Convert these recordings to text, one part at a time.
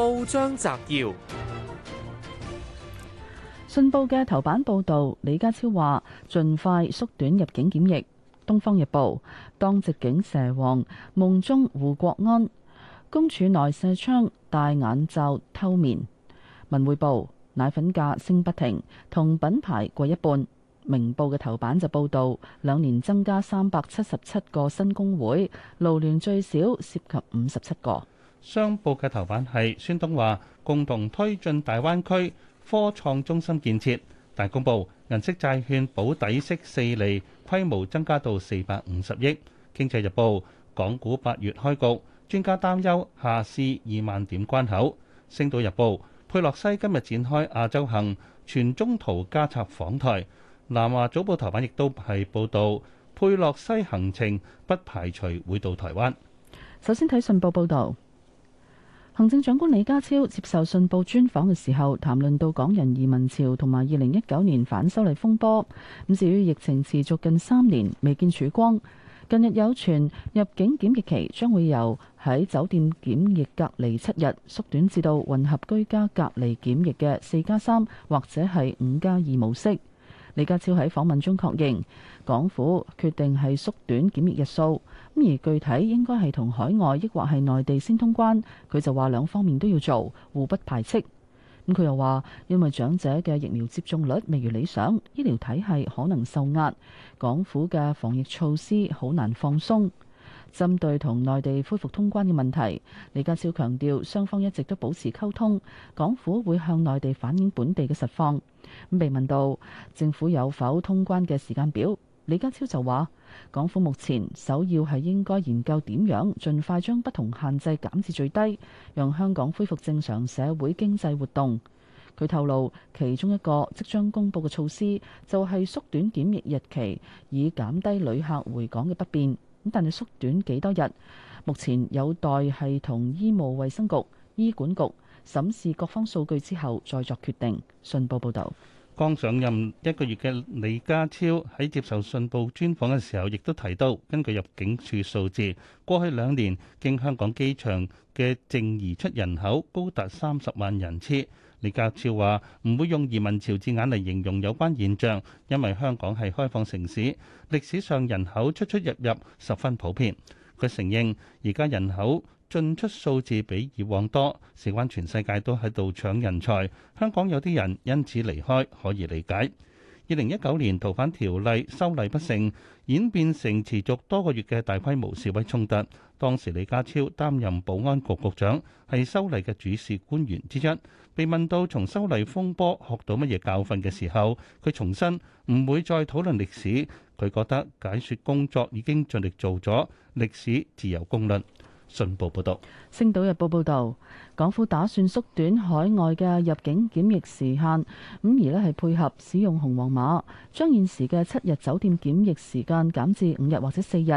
報章摘要：信報嘅頭版報道，李家超話盡快縮短入境檢疫。東方日報：當值警蛇王，夢中胡國安。公署內射槍，戴眼罩偷面。文匯報：奶粉價升不停，同品牌貴一半。明報嘅頭版就報道，兩年增加三百七十七個新工會，勞聯最少涉及五十七個。商報嘅頭版係孫東話，共同推進大灣區科創中心建設。大公報，銀色債券保底息四釐，規模增加到四百五十億。經濟日報，港股八月開局，專家擔憂下試二萬點關口。星島日報，佩洛西今日展開亞洲行，全中途加插訪台。南華早報，頭版亦都係報導，佩洛西行程不排除會到台灣。首先睇信報報道。行政長官李家超接受信報專訪嘅時候，談論到港人移民潮同埋二零一九年反修例風波。咁至於疫情持續近三年未見曙光，近日有傳入境檢疫期將會由喺酒店檢疫隔離七日縮短至到混合居家隔離檢疫嘅四加三或者係五加二模式。李家超喺訪問中確認，港府決定係縮短檢疫日數。而具體應該係同海外，抑或係內地先通關？佢就話兩方面都要做，互不排斥。咁佢又話，因為長者嘅疫苗接種率未如理想，醫療體係可能受壓，港府嘅防疫措施好難放鬆。針對同內地恢復通關嘅問題，李家超強調雙方一直都保持溝通，港府會向內地反映本地嘅實況。被問到政府有否通關嘅時間表？李家超就話：港府目前首要係應該研究點樣盡快將不同限制減至最低，讓香港恢復正常社會經濟活動。佢透露，其中一個即將公布嘅措施就係縮短檢疫日期，以減低旅客回港嘅不便。咁但係縮短幾多日？目前有待係同醫務衛生局、醫管局審視各方數據之後再作決定。信報報道。剛上任一個月嘅李家超喺接受信報專訪嘅時候，亦都提到，根據入境處數字，過去兩年經香港機場嘅淨移出人口高達三十萬人次。李家超話：唔會用移民潮字眼嚟形容有關現象，因為香港係開放城市，歷史上人口出出入入十分普遍。佢承認而家人口進出數字比以往多，事關全世界都喺度搶人才，香港有啲人因此離開，可以理解。二零一九年逃犯條例修例不成，演變成持續多個月嘅大規模示威衝突。當時李家超擔任保安局局長，係修例嘅主事官員之一。被問到從修例風波學到乜嘢教訓嘅時候，佢重申唔會再討論歷史。佢覺得解説工作已經盡力做咗，歷史自有公論。信報報道：《星島日報》報道，港府打算縮短海外嘅入境檢疫時限，咁而咧係配合使用紅黃碼，將現時嘅七日酒店檢疫時間減至五日或者四日，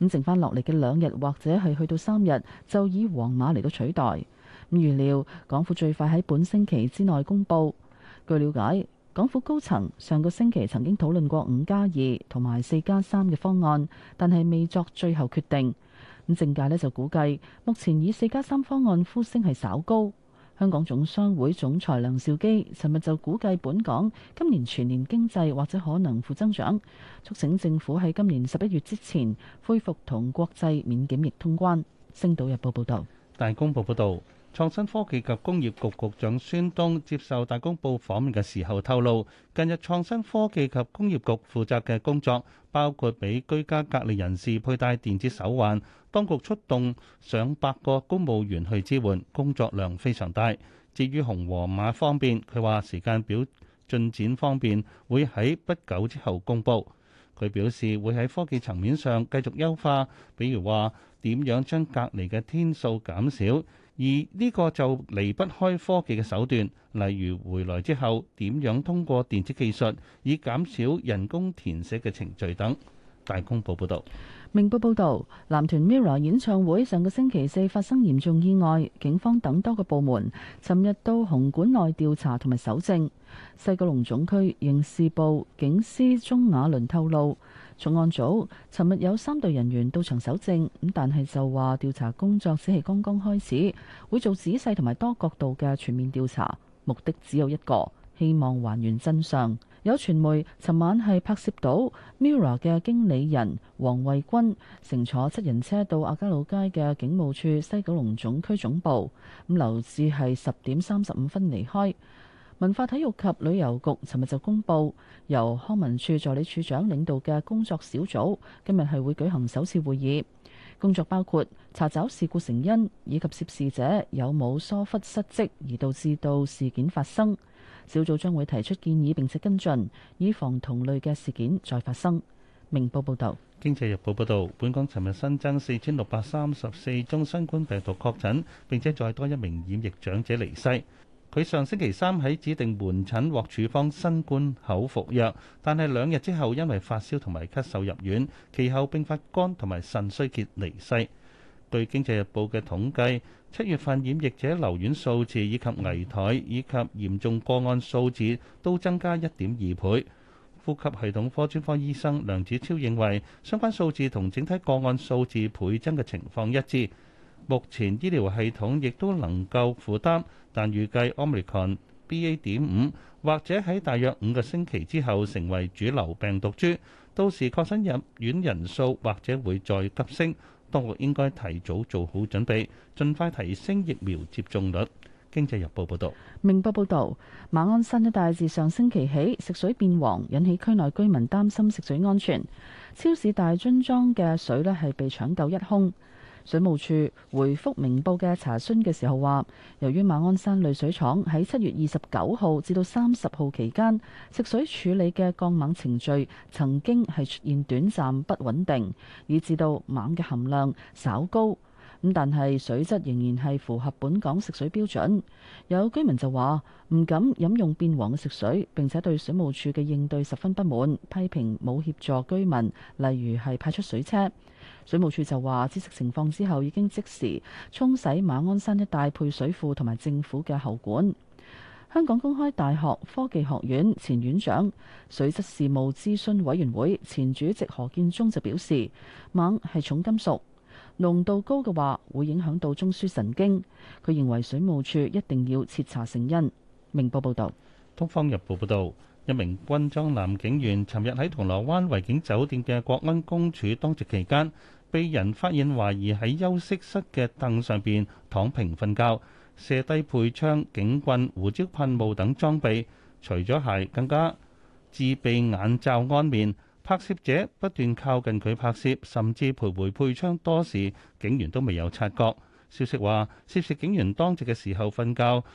咁剩翻落嚟嘅兩日或者係去到三日，就以黃碼嚟到取代。咁預料港府最快喺本星期之內公布。據了解，港府高層上個星期曾經討論過五加二同埋四加三嘅方案，但係未作最後決定。咁政界呢就估計，目前以四加三方案呼聲係稍高。香港總商會總裁梁兆基尋日就估計，本港今年全年經濟或者可能負增長，促請政府喺今年十一月之前恢復同國際免檢疫通關。星島日報報導。大公報報導，創新科技及工業局局長孫東接受大公報訪問嘅時候透露，近日創新科技及工業局負責嘅工作包括俾居家隔離人士佩戴電子手環。當局出動上百個公務員去支援，工作量非常大。至於紅和馬方面，佢話時間表進展方面會喺不久之後公佈。佢表示會喺科技層面上繼續優化，比如話點樣將隔離嘅天數減少，而呢個就離不開科技嘅手段，例如回來之後點樣通過電子技術以減少人工填寫嘅程序等。大公報報導。明報報道，男團 Mirror 演唱會上個星期四發生嚴重意外，警方等多個部門尋日到紅館內調查同埋搜證，西九龍總區刑事部警司鍾雅倫透露，重案組尋日有三隊人員到場搜證，咁但係就話調查工作只係剛剛開始，會做仔細同埋多角度嘅全面調查，目的只有一個，希望還原真相。有傳媒尋晚係拍攝到 MIRROR 嘅經理人黃慧君乘坐七人車到亞皆老街嘅警務處西九龍總區總部，咁留至係十點三十五分離開。文化體育及旅遊局尋日就公布，由康文署助理署長領導嘅工作小組今日係會舉行首次會議，工作包括查找事故成因以及涉事者有冇疏忽失職而導致到事件發生。小組將會提出建議，並且跟進，以防同類嘅事件再發生。明報報道。《經濟日報》報道，本港尋日新增四千六百三十四宗新冠病毒確診，並且再多一名染疫長者離世。佢上星期三喺指定門診獲處方新冠口服藥，但係兩日之後因為發燒同埋咳嗽入院，其後並發肝同埋腎衰竭離世。據《經濟日報》嘅統計，七月份染疫者留院數字以及危殆以及嚴重個案數字都增加一點二倍。呼吸系統科專科醫生梁子超認為，相關數字同整體個案數字倍增嘅情況一致。目前醫療系統亦都能夠負擔，但預計 Omicron BA.5 或者喺大約五個星期之後成為主流病毒株，到時確診入院人數或者會再急升。當局應該提早做好準備，盡快提升疫苗接種率。經濟日報報導。明報報導，馬鞍山一帶自上星期起食水變黃，引起區內居民擔心食水安全。超市大樽裝嘅水呢係被搶購一空。水務署回覆明報嘅查詢嘅時候話，由於馬鞍山濾水廠喺七月二十九號至到三十號期間，食水處理嘅降錳程序曾經係出現短暫不穩定，以至到錳嘅含量稍高。咁但係水質仍然係符合本港食水標準。有居民就話唔敢飲用變黃嘅食水，並且對水務署嘅應對十分不滿，批評冇協助居民，例如係派出水車。水務署就話，知識情況之後，已經即時沖洗馬鞍山一帶配水庫同埋政府嘅喉管。香港公開大學科技學院前院長、水質事務諮詢委員會前主席何建中就表示，錳係重金屬，濃度高嘅話會影響到中樞神經。佢認為水務處一定要徹查成因。明報報道。《東方日報》報道，一名軍裝男警員尋日喺銅鑼灣維景酒店嘅國安公署當值期間，被人發現懷疑喺休息室嘅凳上邊躺平瞓覺，射低配槍、警棍、胡椒噴霧等裝備，除咗鞋，更加自備眼罩安眠。拍攝者不斷靠近佢拍攝，甚至徘徊配槍多時，警員都未有察覺。消息話，涉事警員當值嘅時候瞓覺，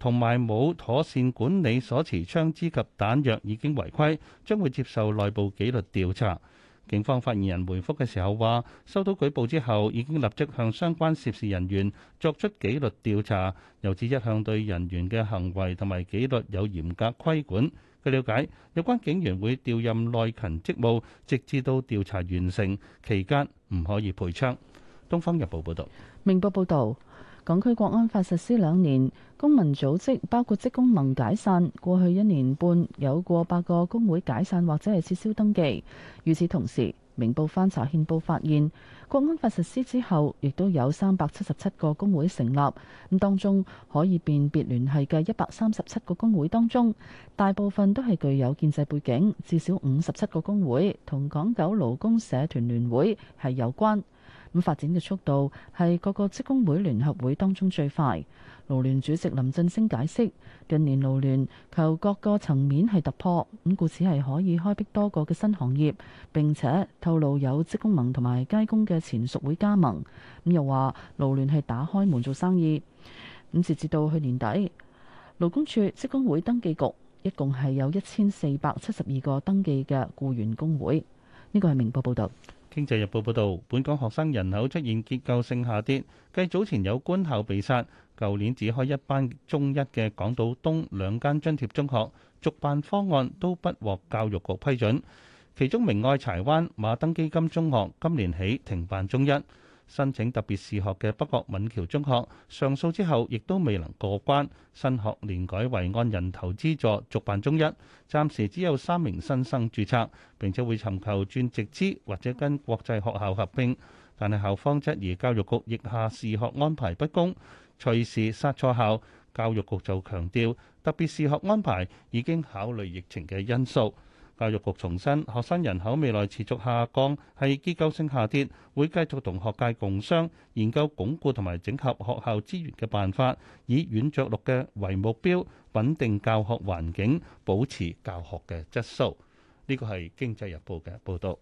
同埋冇妥善管理所持槍枝及彈藥，已經違規，將會接受內部紀律調查。警方發言人回覆嘅時候話，收到舉報之後已經立即向相關涉事人員作出紀律調查。由此一向對人員嘅行為同埋紀律有嚴格規管。據了解，有關警員會調任內勤職務，直至到調查完成期間唔可以配槍。東方日報報道，明報報道。港區國安法實施兩年，公民組織包括職工盟解散。過去一年半有過百個工會解散或者係撤銷登記。與此同時，明報翻查憲報發現，國安法實施之後，亦都有三百七十七個工會成立。咁當中可以辨別聯繫嘅一百三十七個工會當中，大部分都係具有建制背景，至少五十七個工會同港九勞工社團聯會係有關。咁發展嘅速度係各個職工會聯合會當中最快。勞聯主席林振升解釋，近年勞聯求各個層面係突破，咁故此係可以開闢多個嘅新行業。並且透露有職工盟同埋街工嘅前屬會加盟。咁又話勞聯係打開門做生意。咁截至到去年底，勞工處職工會登記局一共係有一千四百七十二個登記嘅僱員工會。呢個係明報報導。經濟日報報導，本港學生人口出現結構性下跌，繼早前有官校被殺，舊年只開一班中一嘅港島東兩間津貼中學，續辦方案都不獲教育局批准，其中明愛柴灣馬登基金中學今年起停辦中一。申請特別視學嘅北角閩僑中學上訴之後，亦都未能過關。新學年改為按人頭資助續辦中一，暫時只有三名新生註冊，並且會尋求轉直資或者跟國際學校合併。但係校方質疑教育局疫下視學安排不公，隨時殺錯校。教育局就強調特別視學安排已經考慮疫情嘅因素。教育局重申，學生人口未來持續下降係結構性下跌，會繼續同學界共商研究鞏固同埋整合學校資源嘅辦法，以軟著陸嘅為目標，穩定教學環境，保持教學嘅質素。呢個係《經濟日報》嘅報導。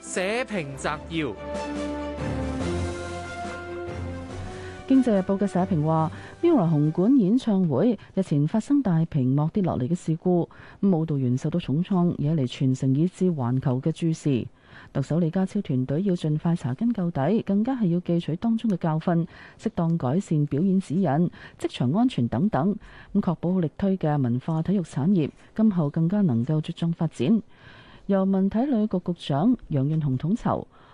社評摘要。《經濟日報》嘅社評話：《MIRROR 紅館演唱會》日前發生大屏幕跌落嚟嘅事故，舞蹈員受到重創，惹嚟全城以至環球嘅注視。特首李家超團隊要盡快查根究底，更加係要記取當中嘅教訓，適當改善表演指引、職場安全等等，咁確保力推嘅文化體育產業，今後更加能夠茁壯發展。由文體旅局局長楊潤雄統籌。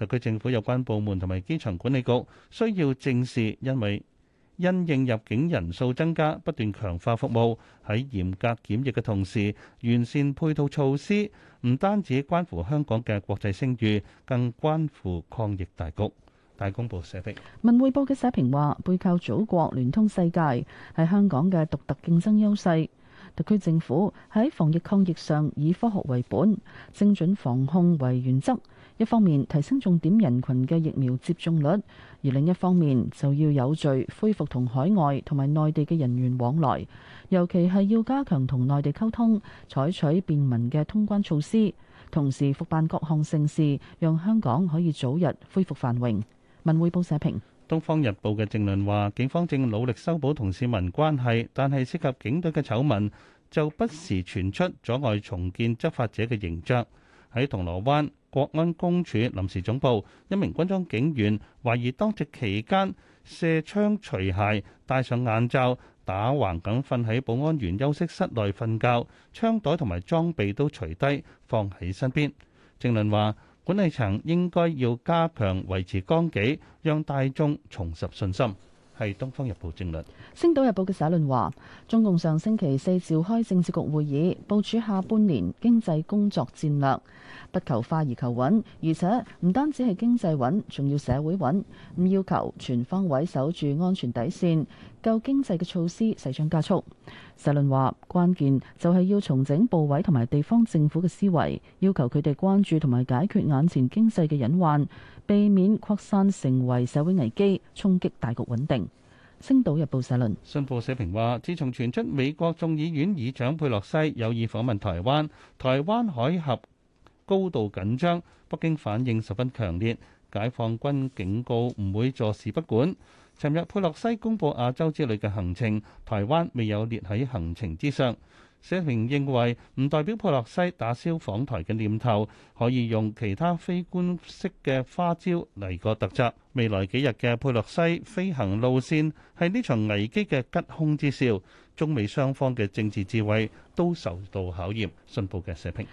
特區政府有關部門同埋機場管理局需要正視，因為因應入境人數增加，不斷強化服務，喺嚴格檢疫嘅同時，完善配套措施，唔單止關乎香港嘅國際聲譽，更關乎抗疫大局。大公報社評，文匯報嘅社評話：背靠祖國，聯通世界，係香港嘅獨特競爭優勢。特區政府喺防疫抗疫上，以科學為本，精準防控為原則。一方面提升重點人群嘅疫苗接種率，而另一方面就要有序恢復同海外同埋內地嘅人員往來，尤其係要加強同內地溝通，採取便民嘅通關措施，同時復辦各項盛事，讓香港可以早日恢復繁榮。文匯報社評，東方日報嘅政論話：警方正努力修補同市民關係，但係涉及警隊嘅醜聞，就不時傳出，阻礙重建執法者嘅形象。喺銅鑼灣。國安公署臨時總部一名軍裝警員懷疑當值期間卸槍除鞋戴上眼罩，打橫咁瞓喺保安員休息室內瞓覺，槍袋同埋裝備都除低放喺身邊。鄭論話，管理層應該要加強維持綱紀，讓大眾重拾信心。係《東方日報》政略。《星島日報》嘅社論話：中共上星期四召開政治局會議，部署下半年經濟工作戰略，不求快而求穩，而且唔單止係經濟穩，仲要社會穩。咁要求全方位守住安全底線，救經濟嘅措施勢將加速。社論話：關鍵就係要重整部委同埋地方政府嘅思維，要求佢哋關注同埋解決眼前經濟嘅隱患，避免擴散成為社會危機，衝擊大局穩定。星島日報社論。信報社評話，自從傳出美國眾議院議長佩洛西有意訪問台灣，台灣海峽高度緊張，北京反應十分強烈，解放軍警告唔會坐視不管。尋日佩洛西公布亞洲之旅嘅行程，台灣未有列喺行程之上。社評認為，唔代表佩洛西打消訪台嘅念頭，可以用其他非官式嘅花招嚟個突襲。未來幾日嘅佩洛西飛行路線係呢場危機嘅吉凶之兆，中美雙方嘅政治智慧都受到考驗。信報嘅社評。